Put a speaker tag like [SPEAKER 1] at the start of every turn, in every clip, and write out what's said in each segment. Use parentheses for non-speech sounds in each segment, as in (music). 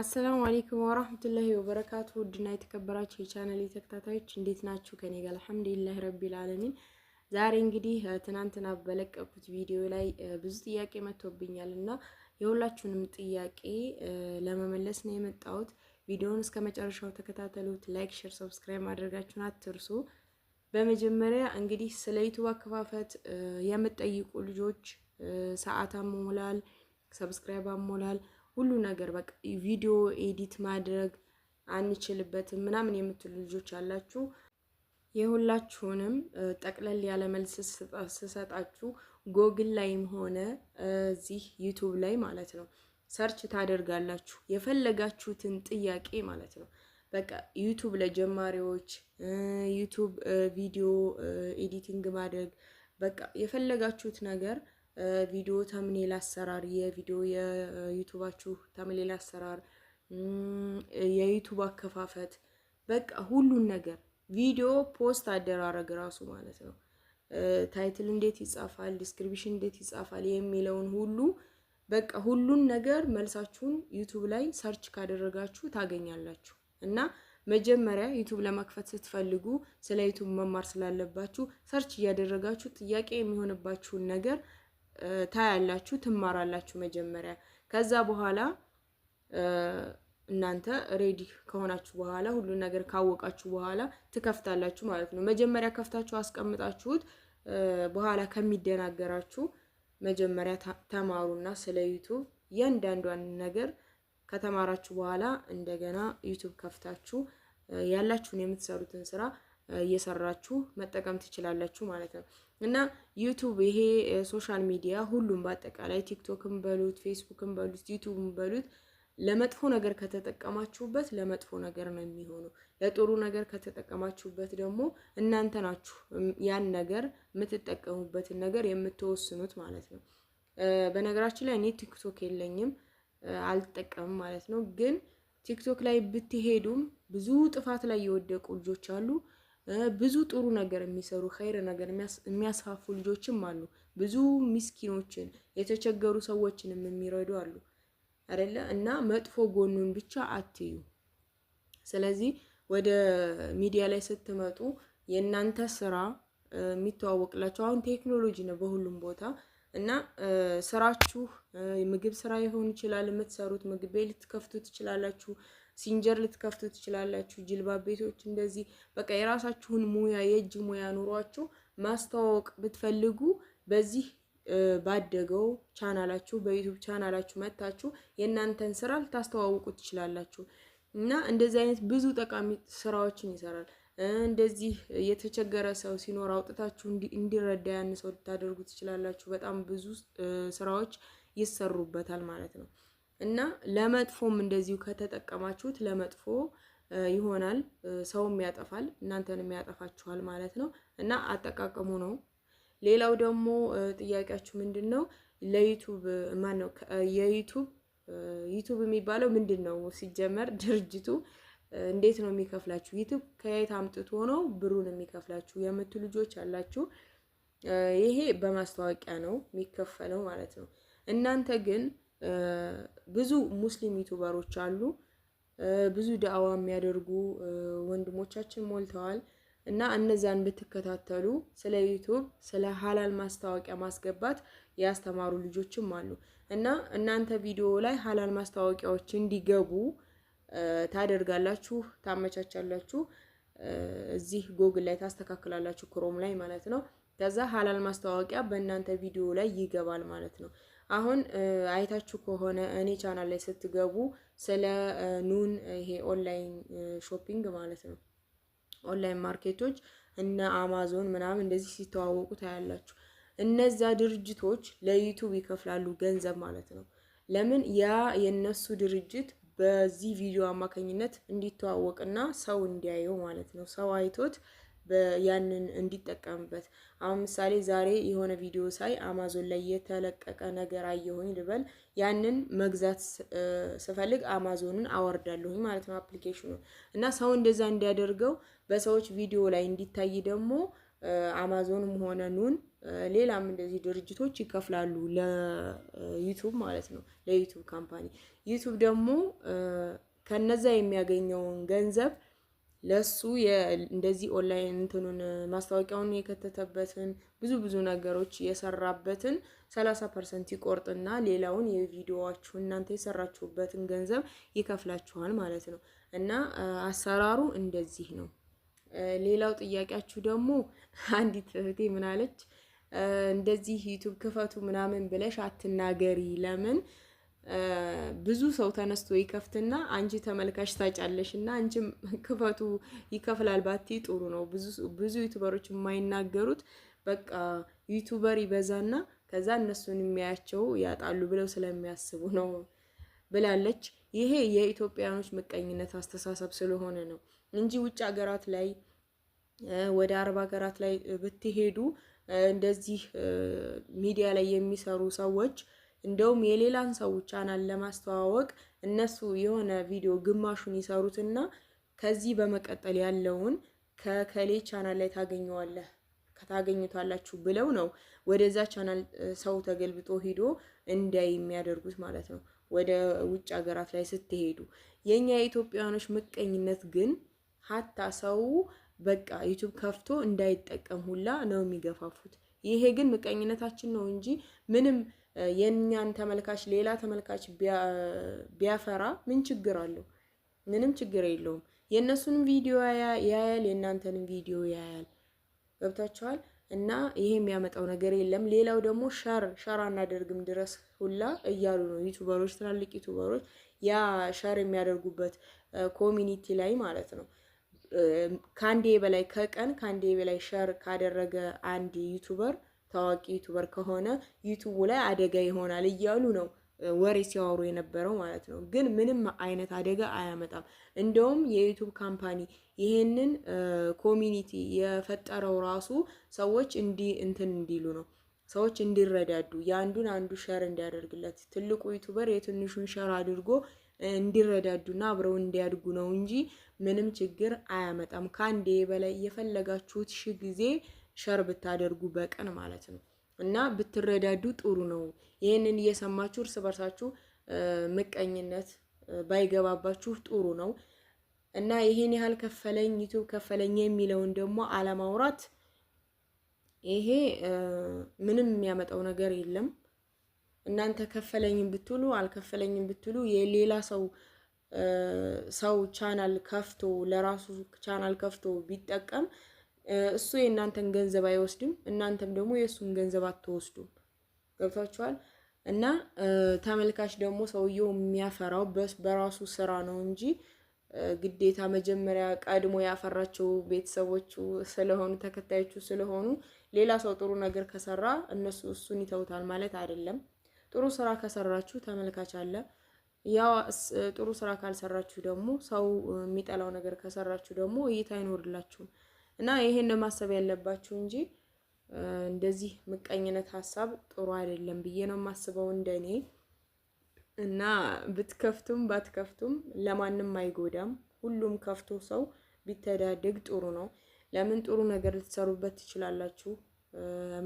[SPEAKER 1] አሰላሙ አሌይኩም ወራህመቱላሂ ወበረካቱ። ውድና የተከበራችሁ የቻናል ተከታታዮች እንዴት ናችሁ? ከኔ ጋር አልሐምዱሊላህ ረቢል አለሚን። ዛሬ እንግዲህ ትናንትና በለቀኩት ቪዲዮ ላይ ብዙ ጥያቄ መጥቶብኛል እና የሁላችሁንም ጥያቄ ለመመለስ ነው የመጣሁት። ቪዲዮውን እስከ መጨረሻው ተከታተሉት። ላይክ፣ ሼር፣ ሰብስክራይብ ማድረጋችሁን አትርሱ። በመጀመሪያ እንግዲህ ስለ ዩቱብ አከፋፈት የምጠይቁ ልጆች ሰዓት አሞላል፣ ሰብስክራይብ አሞላል ሁሉ ነገር በቃ ቪዲዮ ኤዲት ማድረግ አንችልበትም ምናምን የምትሉ ልጆች አላችሁ። የሁላችሁንም ጠቅለል ያለ መልስ ስሰጣችሁ ጎግል ላይም ሆነ እዚህ ዩቱብ ላይ ማለት ነው ሰርች ታደርጋላችሁ የፈለጋችሁትን ጥያቄ ማለት ነው። በቃ ዩቱብ ለጀማሪዎች ዩቱብ ቪዲዮ ኤዲቲንግ ማድረግ በቃ የፈለጋችሁት ነገር ቪዲዮ ተምኔል አሰራር፣ የቪዲዮ የዩቱባችሁ ተምኔል አሰራር፣ የዩቱብ አከፋፈት፣ በቃ ሁሉን ነገር ቪዲዮ ፖስት አደራረግ ራሱ ማለት ነው። ታይትል እንዴት ይጻፋል፣ ዲስክሪፕሽን እንዴት ይጻፋል የሚለውን ሁሉ በቃ ሁሉን ነገር መልሳችሁን ዩቱብ ላይ ሰርች ካደረጋችሁ ታገኛላችሁ እና መጀመሪያ ዩቱብ ለመክፈት ስትፈልጉ ስለ ዩቱብ መማር ስላለባችሁ ሰርች እያደረጋችሁ ጥያቄ የሚሆንባችሁን ነገር ታያላችሁ፣ ትማራላችሁ መጀመሪያ። ከዛ በኋላ እናንተ ሬዲ ከሆናችሁ በኋላ ሁሉን ነገር ካወቃችሁ በኋላ ትከፍታላችሁ ማለት ነው። መጀመሪያ ከፍታችሁ አስቀምጣችሁት በኋላ ከሚደናገራችሁ መጀመሪያ ተማሩና ስለ ዩቱብ እያንዳንዷን ነገር ከተማራችሁ በኋላ እንደገና ዩቱብ ከፍታችሁ ያላችሁን የምትሰሩትን ስራ እየሰራችሁ መጠቀም ትችላላችሁ ማለት ነው እና ዩቱብ ይሄ ሶሻል ሚዲያ ሁሉም በአጠቃላይ ቲክቶክም በሉት ፌስቡክም በሉት ዩቱብም በሉት ለመጥፎ ነገር ከተጠቀማችሁበት ለመጥፎ ነገር ነው የሚሆነው። ለጥሩ ነገር ከተጠቀማችሁበት ደግሞ እናንተ ናችሁ ያን ነገር የምትጠቀሙበትን ነገር የምትወስኑት ማለት ነው። በነገራችን ላይ እኔ ቲክቶክ የለኝም አልጠቀምም ማለት ነው። ግን ቲክቶክ ላይ ብትሄዱም ብዙ ጥፋት ላይ የወደቁ ልጆች አሉ። ብዙ ጥሩ ነገር የሚሰሩ ኸይር ነገር የሚያስፋፉ ልጆችም አሉ። ብዙ ሚስኪኖችን የተቸገሩ ሰዎችንም የሚረዱ አሉ አይደለ? እና መጥፎ ጎኑን ብቻ አትዩ። ስለዚህ ወደ ሚዲያ ላይ ስትመጡ የእናንተ ስራ የሚተዋወቅላቸው አሁን ቴክኖሎጂ ነው በሁሉም ቦታ እና ስራችሁ ምግብ ስራ ሊሆን ይችላል። የምትሰሩት ምግብ ቤት ልትከፍቱ ትችላላችሁ። ሲንጀር ልትከፍቱ ትችላላችሁ። ጅልባ ቤቶች እንደዚህ በቃ የራሳችሁን ሙያ የእጅ ሙያ ኑሯችሁ ማስተዋወቅ ብትፈልጉ በዚህ ባደገው ቻናላችሁ በዩቱብ ቻናላችሁ መታችሁ የእናንተን ስራ ልታስተዋውቁ ትችላላችሁ እና እንደዚህ አይነት ብዙ ጠቃሚ ስራዎችን ይሰራል። እንደዚህ የተቸገረ ሰው ሲኖር አውጥታችሁ እንዲረዳ ያን ሰው ልታደርጉ ትችላላችሁ። በጣም ብዙ ስራዎች ይሰሩበታል ማለት ነው። እና ለመጥፎም እንደዚሁ ከተጠቀማችሁት ለመጥፎ ይሆናል። ሰውም ያጠፋል፣ እናንተንም ያጠፋችኋል ማለት ነው። እና አጠቃቀሙ ነው። ሌላው ደግሞ ጥያቄያችሁ ምንድን ነው? ለዩቱብ ማን ነው የዩቱብ ዩቱብ የሚባለው ምንድን ነው? ሲጀመር ድርጅቱ እንዴት ነው የሚከፍላችሁ? ዩቱብ ከየት አምጥቶ ነው ብሩን የሚከፍላችሁ የምቱ ልጆች አላችሁ። ይሄ በማስታወቂያ ነው የሚከፈለው ማለት ነው። እናንተ ግን ብዙ ሙስሊም ዩቱበሮች አሉ። ብዙ ዳዕዋ የሚያደርጉ ወንድሞቻችን ሞልተዋል እና እነዛን ብትከታተሉ ስለ ዩቱብ ስለ ሀላል ማስታወቂያ ማስገባት ያስተማሩ ልጆችም አሉ እና እናንተ ቪዲዮ ላይ ሀላል ማስታወቂያዎች እንዲገቡ ታደርጋላችሁ፣ ታመቻቻላችሁ። እዚህ ጎግል ላይ ታስተካክላላችሁ፣ ክሮም ላይ ማለት ነው። ከዛ ሀላል ማስታወቂያ በእናንተ ቪዲዮ ላይ ይገባል ማለት ነው። አሁን አይታችሁ ከሆነ እኔ ቻናል ላይ ስትገቡ ስለ ኑን ይሄ ኦንላይን ሾፒንግ ማለት ነው ኦንላይን ማርኬቶች እነ አማዞን ምናምን እንደዚህ ሲተዋወቁ ታያላችሁ። እነዛ ድርጅቶች ለዩቱብ ይከፍላሉ ገንዘብ ማለት ነው። ለምን ያ የነሱ ድርጅት በዚህ ቪዲዮ አማካኝነት እንዲተዋወቅና ሰው እንዲያየው ማለት ነው። ሰው አይቶት ያንን እንዲጠቀምበት። አሁን ምሳሌ ዛሬ የሆነ ቪዲዮ ሳይ አማዞን ላይ የተለቀቀ ነገር አየሁኝ ልበል። ያንን መግዛት ስፈልግ አማዞንን አወርዳለሁኝ ማለት ነው አፕሊኬሽኑ እና ሰው እንደዛ እንዲያደርገው በሰዎች ቪዲዮ ላይ እንዲታይ ደግሞ አማዞንም ሆነ ኑን ሌላም እንደዚህ ድርጅቶች ይከፍላሉ ለዩቱብ ማለት ነው ለዩቱብ ካምፓኒ። ዩቱብ ደግሞ ከነዛ የሚያገኘውን ገንዘብ ለሱ እንደዚህ ኦንላይን እንትኑን ማስታወቂያውን የከተተበትን ብዙ ብዙ ነገሮች የሰራበትን 30 ፐርሰንት ይቆርጥና ሌላውን የቪዲዮዋችሁ እናንተ የሰራችሁበትን ገንዘብ ይከፍላችኋል ማለት ነው። እና አሰራሩ እንደዚህ ነው። ሌላው ጥያቄያችሁ ደግሞ (laughs) አንዲት እህቴ ምናለች እንደዚህ ዩቱብ ክፈቱ ምናምን ብለሽ አትናገሪ ለምን ብዙ ሰው ተነስቶ ይከፍትና አንቺ ተመልካች ታጫለሽ እና አንቺም ክፈቱ ይከፍላል ባቲ ጥሩ ነው። ብዙ ዩቱበሮች የማይናገሩት በቃ ዩቱበር ይበዛና ከዛ እነሱን የሚያያቸው ያጣሉ ብለው ስለሚያስቡ ነው ብላለች። ይሄ የኢትዮጵያኖች ምቀኝነት አስተሳሰብ ስለሆነ ነው እንጂ ውጭ ሀገራት ላይ ወደ አረብ ሀገራት ላይ ብትሄዱ እንደዚህ ሚዲያ ላይ የሚሰሩ ሰዎች እንደውም የሌላን ሰው ቻናል ለማስተዋወቅ እነሱ የሆነ ቪዲዮ ግማሹን ይሰሩትና ከዚህ በመቀጠል ያለውን ከከሌ ቻናል ላይ ታገኘዋለህ ከታገኙታላችሁ ብለው ነው ወደዛ ቻናል ሰው ተገልብጦ ሂዶ እንዳይ የሚያደርጉት ማለት ነው። ወደ ውጭ ሀገራት ላይ ስትሄዱ የእኛ የኢትዮጵያውያኖች ምቀኝነት ግን ሀታ ሰው በቃ ዩቱብ ከፍቶ እንዳይጠቀም ሁላ ነው የሚገፋፉት። ይሄ ግን ምቀኝነታችን ነው እንጂ ምንም የእኛን ተመልካች ሌላ ተመልካች ቢያፈራ ምን ችግር አለው? ምንም ችግር የለውም። የእነሱንም ቪዲዮ ያያል፣ የእናንተንም ቪዲዮ ያያል። ገብታችኋል? እና ይሄ የሚያመጣው ነገር የለም። ሌላው ደግሞ ሸር ሸር አናደርግም ድረስ ሁላ እያሉ ነው ዩቱበሮች፣ ትላልቅ ዩቱበሮች ያ ሸር የሚያደርጉበት ኮሚኒቲ ላይ ማለት ነው። ከአንዴ በላይ ከቀን ከአንዴ በላይ ሸር ካደረገ አንድ ዩቱበር ታዋቂ ዩቱበር ከሆነ ዩቱቡ ላይ አደጋ ይሆናል እያሉ ነው ወሬ ሲያወሩ የነበረው ማለት ነው። ግን ምንም አይነት አደጋ አያመጣም። እንደውም የዩቱብ ካምፓኒ ይሄንን ኮሚኒቲ የፈጠረው ራሱ ሰዎች እንዲ እንትን እንዲሉ ነው ሰዎች እንዲረዳዱ የአንዱን አንዱ ሸር እንዲያደርግለት ትልቁ ዩቱበር የትንሹን ሸር አድርጎ እንዲረዳዱና አብረው እንዲያድጉ ነው እንጂ ምንም ችግር አያመጣም። ከአንዴ በላይ የፈለጋችሁት ሺ ጊዜ ሸር ብታደርጉ በቀን ማለት ነው እና ብትረዳዱ ጥሩ ነው። ይህንን እየሰማችሁ እርስ በርሳችሁ ምቀኝነት ባይገባባችሁ ጥሩ ነው እና ይህን ያህል ከፈለኝ ዩቱብ ከፈለኝ የሚለውን ደግሞ አለማውራት ይሄ ምንም የሚያመጣው ነገር የለም። እናንተ ከፈለኝም ብትሉ አልከፈለኝም ብትሉ የሌላ ሰው ሰው ቻናል ከፍቶ ለራሱ ቻናል ከፍቶ ቢጠቀም እሱ የእናንተን ገንዘብ አይወስድም፣ እናንተም ደግሞ የእሱን ገንዘብ አትወስዱም። ገብቷችኋል? እና ተመልካች ደግሞ ሰውየው የሚያፈራው በራሱ ስራ ነው እንጂ ግዴታ መጀመሪያ ቀድሞ ያፈራቸው ቤተሰቦቹ ስለሆኑ ተከታዮቹ ስለሆኑ ሌላ ሰው ጥሩ ነገር ከሰራ እነሱ እሱን ይተውታል ማለት አይደለም። ጥሩ ስራ ከሰራችሁ ተመልካች አለ። ያው ጥሩ ስራ ካልሰራችሁ ደግሞ ሰው የሚጠላው ነገር ከሰራችሁ ደግሞ እይታ አይኖርላችሁም። እና ይሄን ነው ማሰብ ያለባችሁ እንጂ እንደዚህ ምቀኝነት ሀሳብ ጥሩ አይደለም ብዬ ነው የማስበው እንደኔ። እና ብትከፍቱም ባትከፍቱም ለማንም አይጎዳም። ሁሉም ከፍቶ ሰው ቢተዳደግ ጥሩ ነው። ለምን ጥሩ ነገር ልትሰሩበት ትችላላችሁ።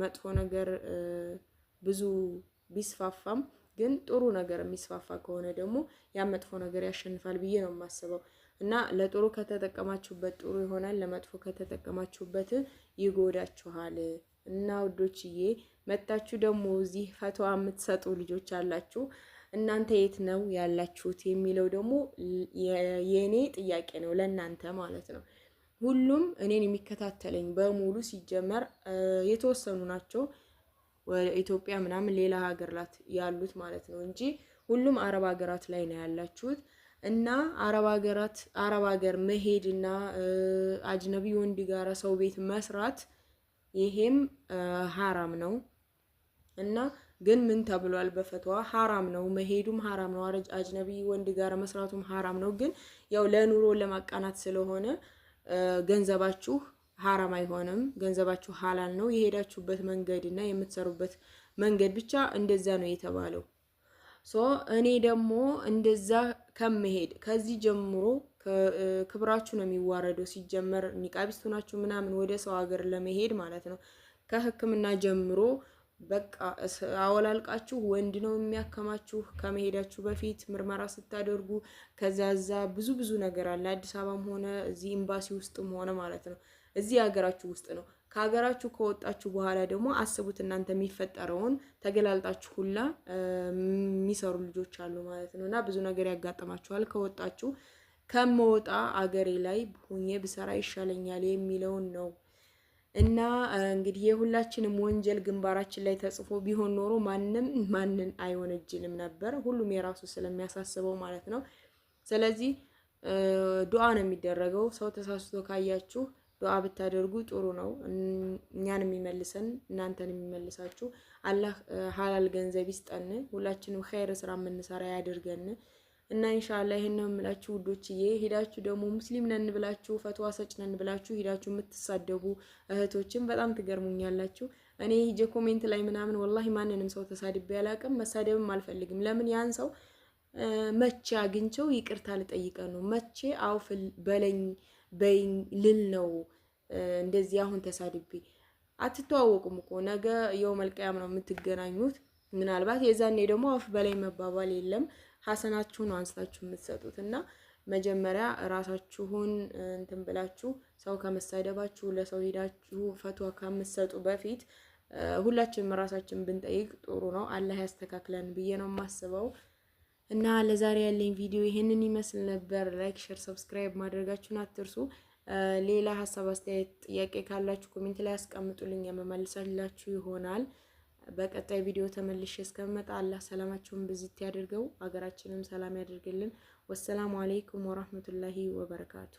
[SPEAKER 1] መጥፎ ነገር ብዙ ቢስፋፋም ግን ጥሩ ነገር የሚስፋፋ ከሆነ ደግሞ ያ መጥፎ ነገር ያሸንፋል ብዬ ነው የማስበው። እና ለጥሩ ከተጠቀማችሁበት ጥሩ ይሆናል፣ ለመጥፎ ከተጠቀማችሁበት ይጎዳችኋል። እና ውዶችዬ መታችሁ ደግሞ እዚህ ፈተዋ የምትሰጡ ልጆች አላችሁ። እናንተ የት ነው ያላችሁት የሚለው ደግሞ የእኔ ጥያቄ ነው ለእናንተ ማለት ነው። ሁሉም እኔን የሚከታተለኝ በሙሉ ሲጀመር የተወሰኑ ናቸው ኢትዮጵያ ምናምን ሌላ ሀገር ላት ያሉት ማለት ነው እንጂ ሁሉም አረብ ሀገራት ላይ ነው ያላችሁት። እና አረብ ሀገራት አረብ ሀገር መሄድ እና አጅነቢ ወንድ ጋራ ሰው ቤት መስራት ይሄም ሀራም ነው እና ግን ምን ተብሏል በፈትዋ ሀራም ነው መሄዱም ሀራም ነው አጅነቢ ወንድ ጋር መስራቱም ሀራም ነው ግን ያው ለኑሮ ለማቃናት ስለሆነ ገንዘባችሁ ሀራም አይሆንም ገንዘባችሁ ሀላል ነው የሄዳችሁበት መንገድ እና የምትሰሩበት መንገድ ብቻ እንደዛ ነው የተባለው ሶ እኔ ደግሞ እንደዛ ከመሄድ ከዚህ ጀምሮ ክብራችሁ ነው የሚዋረደው። ሲጀመር ኒቃቢስቱ ናችሁ ምናምን ወደ ሰው ሀገር ለመሄድ ማለት ነው። ከህክምና ጀምሮ በቃ አወላልቃችሁ ወንድ ነው የሚያከማችሁ። ከመሄዳችሁ በፊት ምርመራ ስታደርጉ ከዛዛ ብዙ ብዙ ነገር አለ። አዲስ አበባም ሆነ እዚህ ኤምባሲ ውስጥም ሆነ ማለት ነው እዚህ ሀገራችሁ ውስጥ ነው ከሀገራችሁ ከወጣችሁ በኋላ ደግሞ አስቡት እናንተ የሚፈጠረውን ተገላልጣችሁ ሁላ የሚሰሩ ልጆች አሉ ማለት ነው እና ብዙ ነገር ያጋጥማችኋል። ከወጣችሁ ከመወጣ አገሬ ላይ ሁኜ ብሰራ ይሻለኛል የሚለውን ነው እና እንግዲህ የሁላችንም ወንጀል ግንባራችን ላይ ተጽፎ ቢሆን ኖሮ ማንም ማንን አይወነጅልም ነበር። ሁሉም የራሱ ስለሚያሳስበው ማለት ነው። ስለዚህ ዱዓ ነው የሚደረገው። ሰው ተሳስቶ ካያችሁ ዱዓ ብታደርጉ ጥሩ ነው። እኛን የሚመልሰን እናንተን የሚመልሳችሁ አላህ ሀላል ገንዘብ ይስጠን። ሁላችንም ኸይር ስራ የምንሰራ ያደርገን እና ኢንሻአላህ ይህን ነው የምላችሁ ውዶችዬ። ሄዳችሁ ደግሞ ሙስሊም ነን ብላችሁ ፈትዋ ሰጭ ነን ብላችሁ ሄዳችሁ የምትሳደቡ እህቶችን በጣም ትገርሙኛላችሁ። እኔ ሂጄ ኮሜንት ላይ ምናምን ወላሂ ማንንም ሰው ተሳድቤ አላውቅም፣ መሳደብም አልፈልግም። ለምን ያን ሰው መቼ አግኝቸው ይቅርታ ልጠይቀ ነው መቼ አውፍ በለኝ በይኝ ልል ነው እንደዚህ አሁን ተሳድቤ አትተዋወቁም እኮ ነገ የው መልቀያም ነው የምትገናኙት። ምናልባት የዛኔ ደግሞ አፍ በላይ መባባል የለም ሀሰናችሁን አንስታችሁ የምትሰጡት እና መጀመሪያ ራሳችሁን እንትን ብላችሁ ሰው ከመሳደባችሁ ለሰው ሄዳችሁ ፈትዋ ከምትሰጡ በፊት ሁላችንም ራሳችን ብንጠይቅ ጥሩ ነው። አላህ ያስተካክለን ብዬ ነው የማስበው። እና ለዛሬ ያለኝ ቪዲዮ ይሄንን ይመስል ነበር። ላይክ፣ ሼር፣ ሰብስክራይብ ማድረጋችሁን አትርሱ። ሌላ ሀሳብ፣ አስተያየት፣ ጥያቄ ካላችሁ ኮሜንት ላይ አስቀምጡልኝ የመመልሳላችሁ ይሆናል። በቀጣይ ቪዲዮ ተመልሼ እስከምመጣ አላህ ሰላማችሁን ብዝት ያድርገው፣ ሀገራችንም ሰላም ያድርግልን። ወሰላሙ አሌይኩም ወራህመቱላሂ ወበረካቱ።